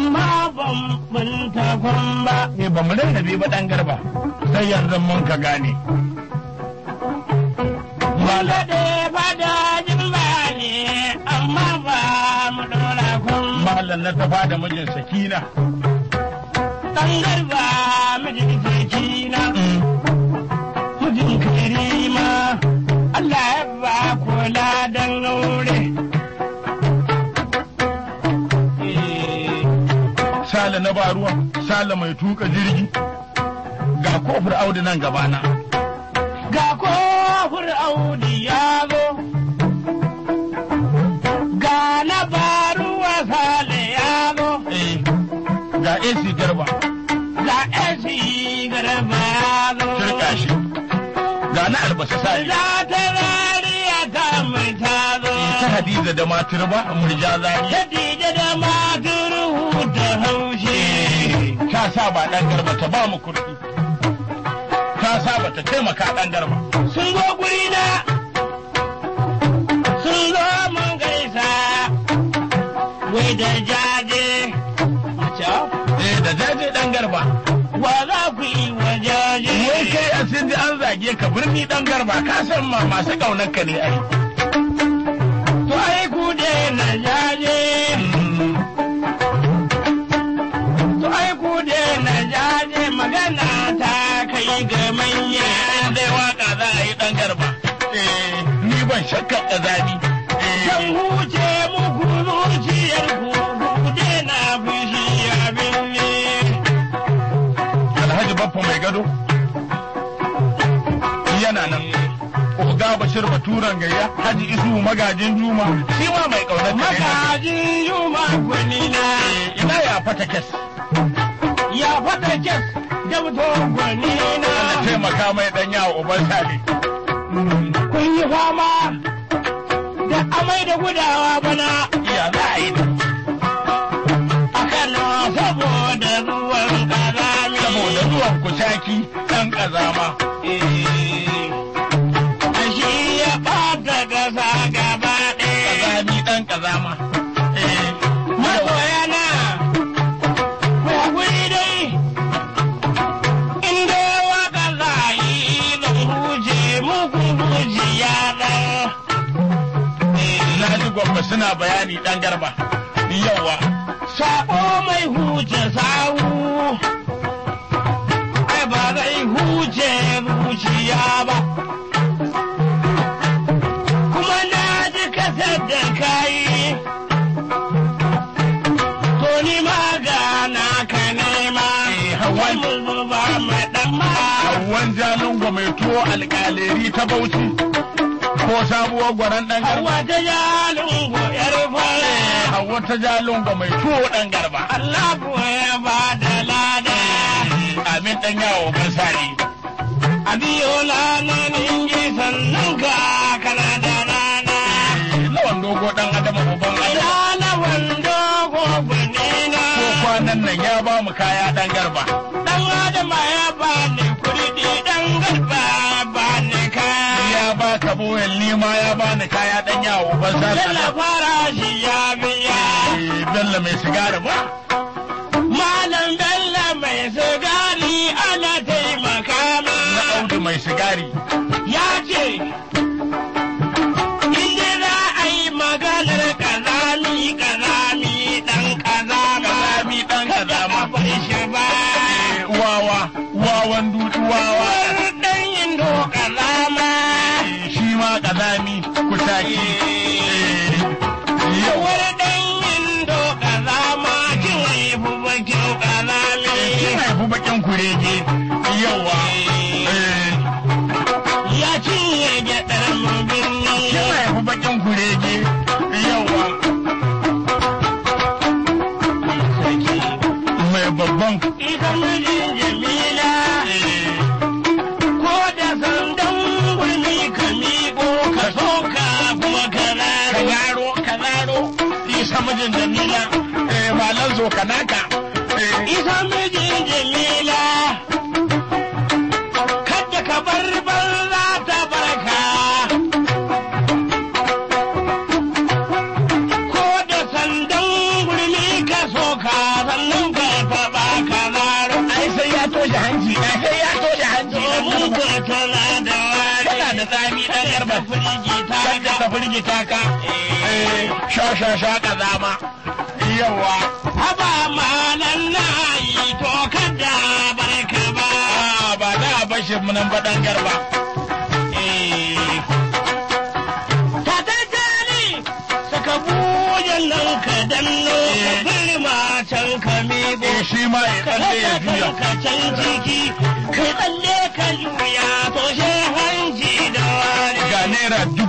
amma ban mun ba. Eh ba mu rarrabe ba ɗan garba sai yanzu mun ka gane. Malade fada jin ne amma ba mu ɗora kun. Mahallan na tafa da mijin sakina. Ɗan garba mijin sakina. Mm. Mijin karima Allah ya ba kula da sale na ruwan sala mai tuka jirgi ga kofar audi nan gabana ga kofar audi ya zo ga na baruwa sale ya zo eh, ga AC garba ga AC garba ya zo shirka shi ga na albasa sale Hadiza da matur ba murja zari. Hadiza da matur da haushe. Eh, ka sa ba ɗan garba ta ba mu kurɗi. Ka sa ba ta taimaka ɗan garba. Sun zo guri na. Sun zo mun gaisa. Wai da jaje. Eh da jaje ɗan garba. Wa za ku yi wa jaje. Wai kai a an zage ka birni ɗan garba ka san ma masu ƙaunar ka ne yi. shakka ƙazami. Can huce muku zuciyar ku huce na fushi abin ne. Alhaji Baffa mai gado. Yana nan Oga Bashir Baturan gayya Haji Isu magajin Juma shi ma mai ƙaunar Magajin Juma gwani na. Ina ya fata kes. Ya fata kes. Dabto gwani na. Allah taimaka mai ɗanya wa Uban Sali. kun yi fama mai da gudawa bana. Ya za a yi Kano saboda ruwan ƙazami. Saboda ruwan kusaki ɗan ƙazama. Eh. ni dan garba yawa sabo mai huje sawu ai ba zai huce ya ba kuma na ji kasar da kayi to ni ma ga na ka nema hawan ba mai dan ma hawan mai tuwo alƙaleri ta bauchi ko sabuwar gwaran ɗan garba. Hauwa ta lungu yar fara. Hawa ta ja lungu mai tuwo ɗan garba. Allah ya ba da lada. Amin ɗan yawo basari. Abiyo ne gefen sannan ka kana da na. Lawan dogo ɗan adama babban adama. Lawan dogo na. Ko kwanan nan ya ba mu kaya ɗan garba. Samuel ni ya bani kaya dan yawo ban san Bello fara shi ya biya. Eh, Bello mai sigari ba. Malam Bello mai sigari ana taimaka ma. Na Audu mai sigari. Eh. kurege yawa ya cinye gyaɗar birni kina ya fi bakin kurege yawa mai babban ita mijin jamila ko da sandan gulmi ka miƙo ka soka kuma ka zaro ka zaro isa mijin jamila malan eh, zo ka naka eh. isa mijin jamila ta firgita ka eh, sha sha sha ka zama yawa haba malan layi to kada barka ba ah, ba da bashi munan badan garba eh. saka matan ka eh. shi ma ya ka can jiki ka ka hanji da wani ga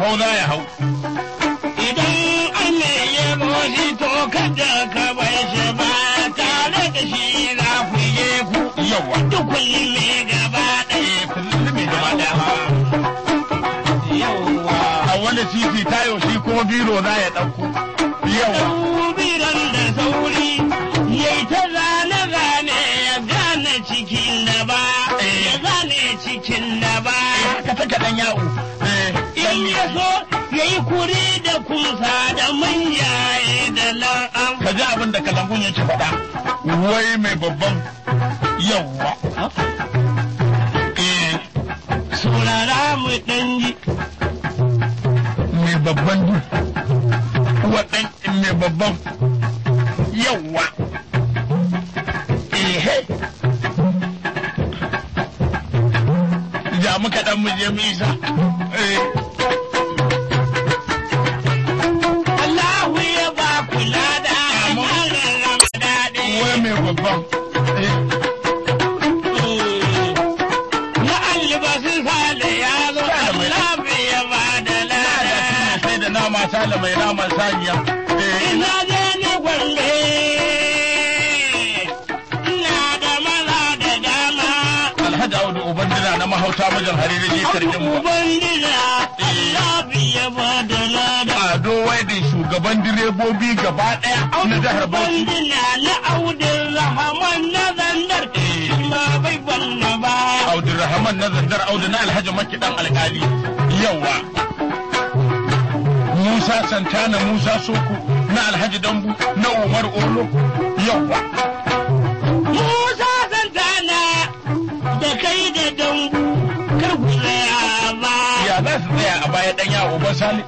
hau za ya hau. Idan Allah ya boshi to kada ka bai shi ba tare da shi na fuye ku. Yawa. Duk kullum gaba ɗaya kullum gaba ɗaya. Yawa. A wani titi tayo shi ko biro za ya ɗauko. Yawa. Biron da sauri ya ta zane-zane ya gane cikin da ba. Ya gane cikin da ba. Ka ta kaɗan yawo. idan ya so ya yi kuri da kusa da manyaye da la'am. Ka ji abin da yake faɗa. Wai mai babban yawa eh. Saurara mu ɗan Mai babban duk. Waɗan mai babban yawa Ehe. Ja muka ɗan mu je mu isa. Eh. Sale mai naman saniya. Ina je ni gwalle. Ina da maza da dama. Alhaji Audu Ubandira na mahauta mijin hariri ne sarkin mu. Ubandira ba da lada. Ado shugaban direbobi gaba ɗaya na jihar na Audin Rahman na zandar. Ma eh. bai ba. na zandar Audu na Alhaji Maki ɗan alkali. Yawa. sasanta na Musa Soko na Alhaji Dambu na Umar Olo yawa. Musa Santana da kai da Dambu kar ku tsaya ba. Ya za su tsaya a baya ɗan yawo ba Sale.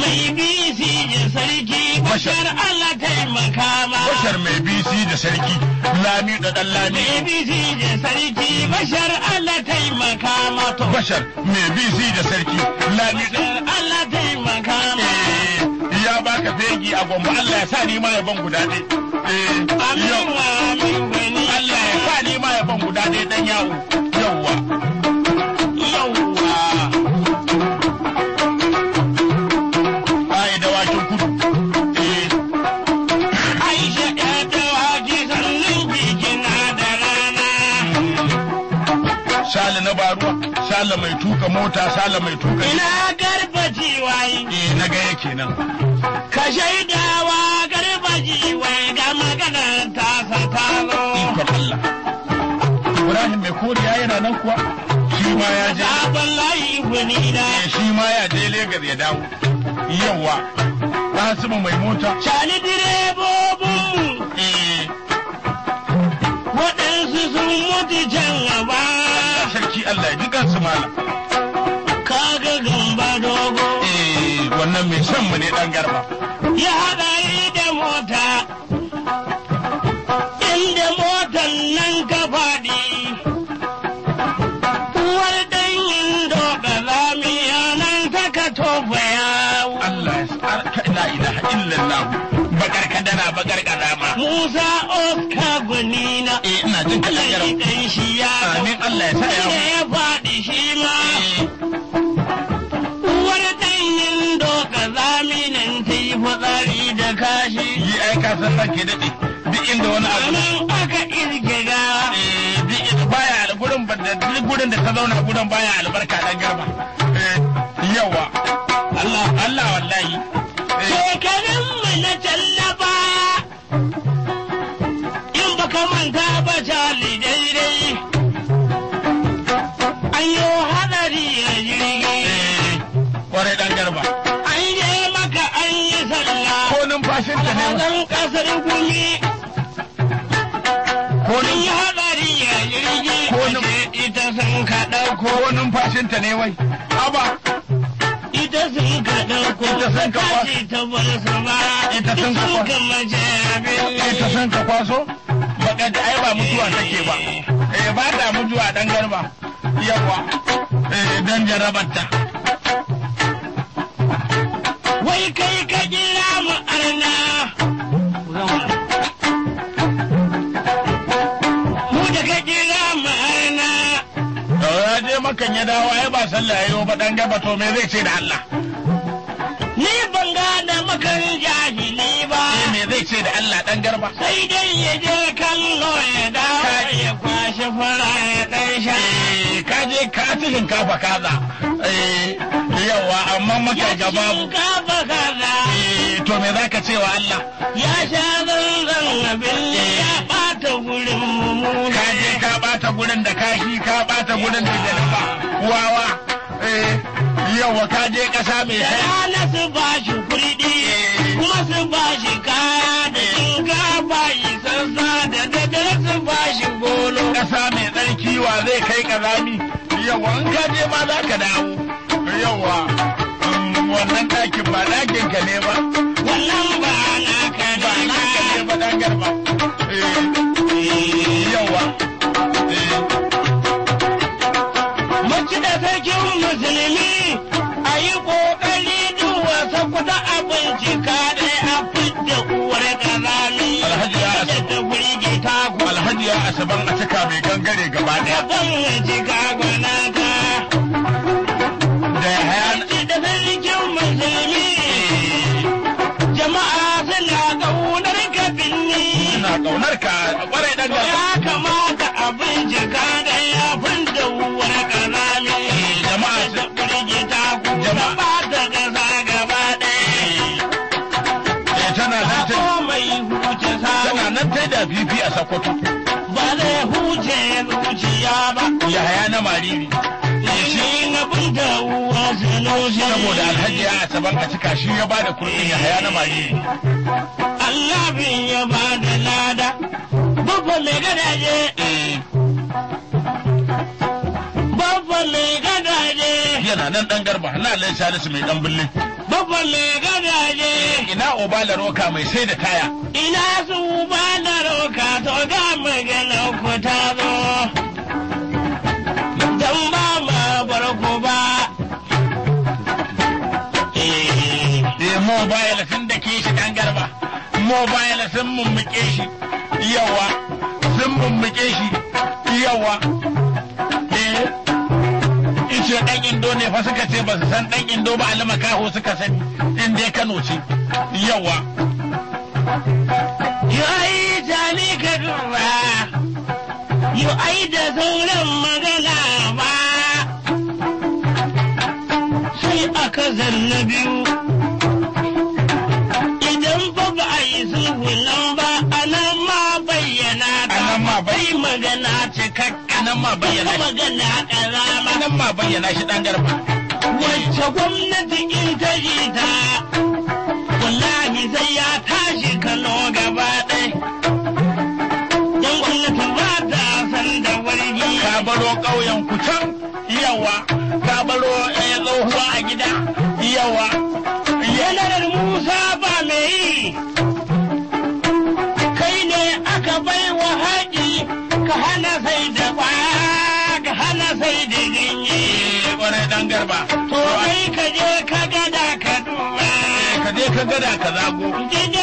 Mai bisi da sarki bashar Allah taimaka ma. Bashar mai bisi da sarki lami da ɗan lami. Mai bisi da sarki bashar Allah taimaka ma. Bashar mai bisi da sarki lami da. dan Allah eh. taimaka ma. baka fegi a gombe Allah ya sa ni ma yabon guda eh, ne Allah ya sa ni ma guda dan yawo. Yawwa. Eh. mai tuka mota, sale mai tuka. Ina garba jiwayi. Eh na ga yake Ka shaidawa garbaji wai ga maganar tasa ta zo. Ikon Allah. Ibrahim mai koriya yana nan kuwa? Shi ma ya je. Sabon layi gwanina. Eh, shi ma ya je Legas ya dawo. Yawwa. Nasibu mai mota. Shani direbobin. Eh. Waɗansu sun mutu can gaba. Sarki Allah ya ji kansu malam. Kaga gamba. nan mai shan mu ne dan garba ya hadari da mota inda motan nan ka faɗi uwar danyin doka zamiya nan saka tofa yawo Allah ina ina ilaha illallah bakar kadara bakar kadama Musa Oscar Gunina eh ina jin kadara Allah ya sa ya Allah ke daɗe duk inda wani abu. aka irge gawa. Eh duk baya gurin da ta zauna gurin baya albarka dan garba. zan kasar gumi kunin ya hadari ya jirgi ita sun ka ɗauko wani fashinta ne wai aba ita sun ka ko ita sun ka kwaso ta bar sama ita sun ka kwaso ita sun ka kwaso baka da ai ba mutuwa take ba eh ba ta mutuwa dan garba yawa eh dan jarabatta wai kai kaje dawo ai ba sallah yayo ba dan gaba to me zai ce da Allah ni ban gane makan jahili ba eh, me zai ce da Allah dan garba sai dai ya je kallo ya dawo ya kwashi fara ya dan sha eh, ka je ka ci shinkafa kaza eh yawa amma maka gaba shinkafa kaza eh, to me zaka ce wa Allah ya sha zan zan billa ya ta gurin mu ka je ka ba bata gurin da kashi ka bata gurin da jalaba wawa eh yawa ka je kasa mai sai ala sun ba shi kurdi eh. kuma sun ba shi kaya da ba yi sansa da dade sun ba shi golo kasa mai tsarki wa zai kai kazami yawa in ka je ma za ka dawo yawa mm, wannan ɗakin ba ɗakin ka ne ba wannan ba na ka ne ba ɗakin ba ɗakin eh. ba كذا فيكم مسلمين tana nan ta da bibi a Sokoto. Ba zai huce zuciya ba. Yahaya na mariri. Saboda alhaji a asabar a cika shi ya bada kurɗin Yahaya na mariri. Allah bin ya bada lada. Babban mai gadaje. mai gadaje. Yana nan ɗan garba halalai salisu mai ɗan bulle. Babba mai gadaje. Ina obala roka mai sai da kaya. Ina su obala roka to ga magana ku ta zo. Dan ba ma bar ku ba. Eh, eh mobile sun da ke shi ɗan garba. Mobile sun mummuke shi. Yawa. Sun mummuke shi. Yawa. ce dan indo ne fa suka ce ba su san ɗan indo ba alima kaho suka sani in dai kano ce yawa yu ai jani ka duba yu ai da sauran magana ba sai aka zanna biyu idan ba ba a yi sulhulan ba nan ma bayyana ta bai magana cikakka nan ma bayyana magana karama nan ba bayyana shi dan garba. Wacce gwamnati in ta yi ta, wallahi zai ya tashi Kano gaba ɗai. Yan gwamnati ba ta san da wargi. Ka baro ƙauyen kucan, yawa, ka baro zo eh, a gida yawa. hana sai digiri wani dan garba. To ai ka je ka gada ka duba. Eh, ka je ka gada ka zago.